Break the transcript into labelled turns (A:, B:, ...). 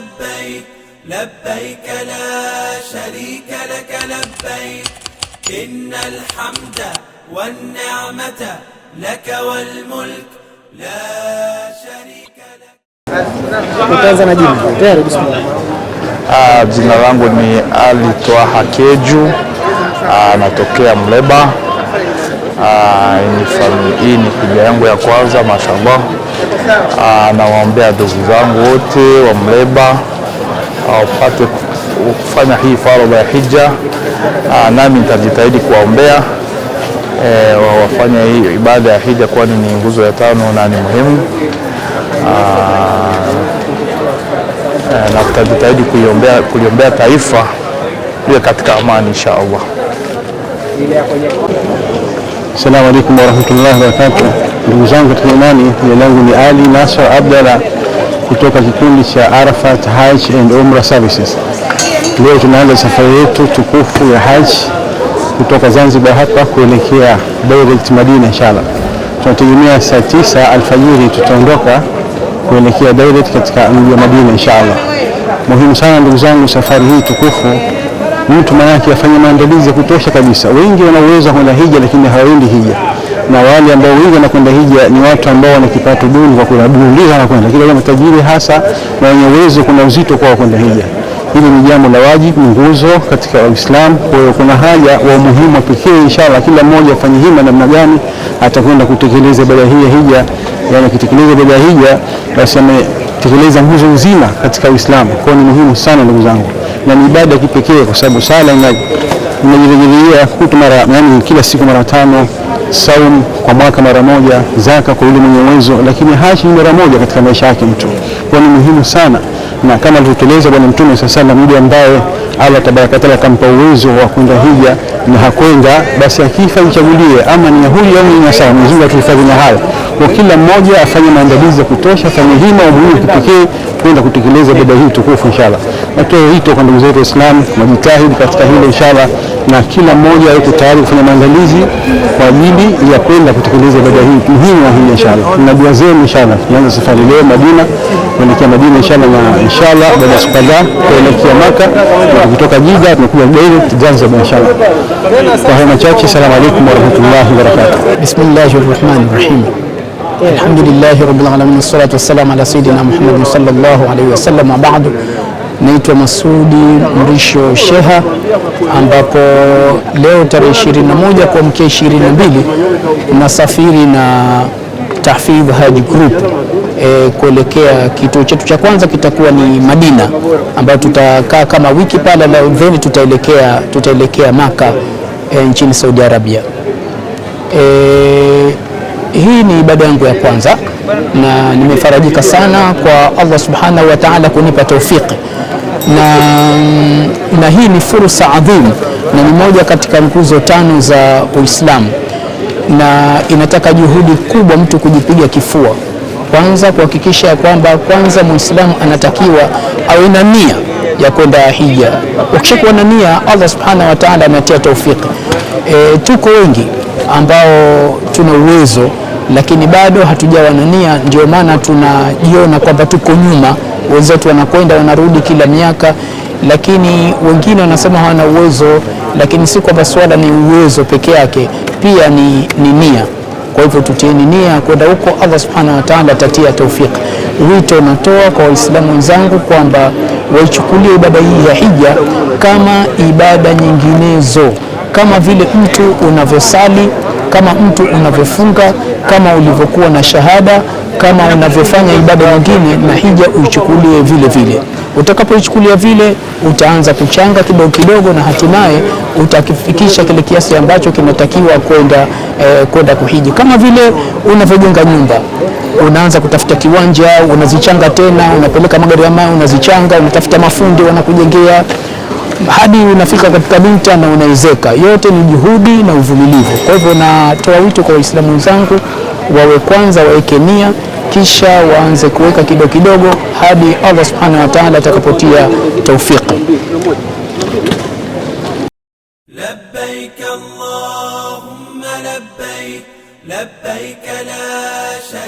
A: لبيك لبيك لا شريك لك لبيك إن الحمد والنعمة لك والملك لا شريك لك ah, jina langu ni Ali Twaha Keju, ah, natokea Mleba. Ah, hii ni familia yangu ya kwanza, mashallah. Ah, nawaombea ndugu zangu wote wa Muleba ah, wapate kufanya hii faradha ya hija, ah, nami nitajitahidi kuwaombea e, wafanye hii ibada ya hija, kwani ni nguzo ya tano na ni muhimu eh, na tutajitahidi kuliombea taifa liwe katika amani insha Allah. Assalamu alaikum warahmatullahi wabarakatuh, ndugu zangu katika imani. Jina langu ni Ali Nasr Abdalla kutoka kikundi cha Arafat Hajj and Umrah Services. Leo tunaanza safari yetu tukufu ya Hajj kutoka Zanzibar hapa kuelekea direct Madina inshallah. Tunategemea saa tisa alfajiri tutaondoka kuelekea direct katika mji wa Madina inshallah. Muhimu sana ndugu zangu, safari hii tukufu mtu manake afanye maandalizi ya kutosha kabisa. Wengi wana uwezo wa kwenda hija, lakini hawaendi hija, na wale ambao wengi wanakwenda hija ni watu ambao wana kipato duni, kwa kuna duni ndizo wanakwenda, lakini wale matajiri hasa na wenye uwezo, kuna uzito kwa kwenda hija. Hili ni jambo la wajibu, nguzo katika Uislamu. Kwa hiyo kuna haja wa umuhimu wa pekee, inshallah kila mmoja afanye hima namna gani atakwenda kutekeleza ibada hii ya hija. Yani akitekeleza ibada ya hija, basi ametekeleza nguzo nzima katika Uislamu. Kwa hiyo ni muhimu sana, ndugu zangu na ni ibada kipekee kwa sababu sala inajirejelea hutu mara yani kila siku mara tano, saum kwa mwaka mara moja, zaka kwa yule mwenye uwezo, lakini haji ni mara moja katika maisha yake mtu. Kwa ni muhimu sana, na kama alivyotueleza Bwana Mtume sasa, sala, mja ambaye Allah tabaraka taala akampa uwezo wa kwenda hija na hakwenda, basi akifa ichagulie ama ni huyu au ni Nasara. Mwenyezi Mungu atuhifadhi na hayo. Kwa kila mmoja afanye maandalizi ya kutosha, afanye hima umuhimu kipekee kwenda kutekeleza ibada hii tukufu inshallah. Natoe wito kwa ndugu zetu Waislamu wajitahidi katika hilo inshallah, na kila mmoja yuko tayari kufanya maandalizi kwa ajili ya kwenda kutekeleza ibada hii muhimu wa hii inshallah. Na dua zenu inshallah, tunaanza safari leo Madina kuelekea Madina inshallah, na inshallah baada ya siku kadhaa kuelekea Maka, na kutoka Jida tunakuja direct Zanzibar inshallah. Kwa hayo machache, asalamu alaykum wa rahmatullahi wa barakatuh.
B: Bismillahir rahmanir rahim alhamdulillahi rabbil alamin wassalatu wassalamu ala sayidina Muhammad sallallahu alayhi wasallam wa ba'du naitwa Masudi Mrisho Sheha, ambapo leo tarehe 21 kuamkia 22 nasafiri na Tahfidh Haji Group e, kuelekea kituo chetu cha kwanza kitakuwa ni Madina, ambayo tutakaa kama wiki pale, then tutaelekea tutaelekea Maka e, nchini Saudi Arabia. E, hii ni ibada yangu ya kwanza na nimefarajika sana kwa Allah subhanahu wa ta'ala kunipa taufiki na, na hii ni fursa adhimu na ni moja katika nguzo tano za Uislamu na inataka juhudi kubwa mtu kujipiga kifua kwanza, kuhakikisha ya kwamba kwanza Muislamu anatakiwa awe na nia ya kwenda hija. Ukishakuwa na nia, Allah subhanahu wa ta'ala anatia taufiki. E, tuko wengi ambao tuna uwezo lakini bado hatujawa na nia, ndio maana tunajiona kwamba tuko nyuma. Wenzetu wanakwenda wanarudi kila miaka, lakini wengine wanasema hawana uwezo, lakini si kwamba swala ni uwezo peke yake, pia ni, ni nia. Kwa hivyo tutieni nia kwenda huko, Allah subhanahu wa ta'ala atatia taufiki. Wito natoa kwa Waislamu wenzangu kwamba waichukulie ibada hii ya hija kama ibada nyinginezo, kama vile mtu unavyosali kama mtu unavyofunga, kama ulivyokuwa na shahada, kama unavyofanya ibada nyingine, na hija uichukulie vile vile. Utakapoichukulia vile, utaanza kuchanga kidogo kidogo, na hatimaye utakifikisha kile kiasi ambacho kinatakiwa kwenda eh, kwenda kuhiji. Kama vile unavyojenga nyumba, unaanza kutafuta kiwanja, unazichanga tena, unapeleka magari ya mawe, unazichanga, unatafuta mafundi wanakujengea hadi unafika katika nukta na unaezeka. Yote ni juhudi na uvumilivu. Kwa hivyo natoa wito kwa Waislamu wenzangu wawe kwanza waweke nia kisha waanze kuweka kidogo kidogo hadi Allah subhanahu wa ta'ala atakapotia taufiki. Labbaik Allahumma labbaik labbaik la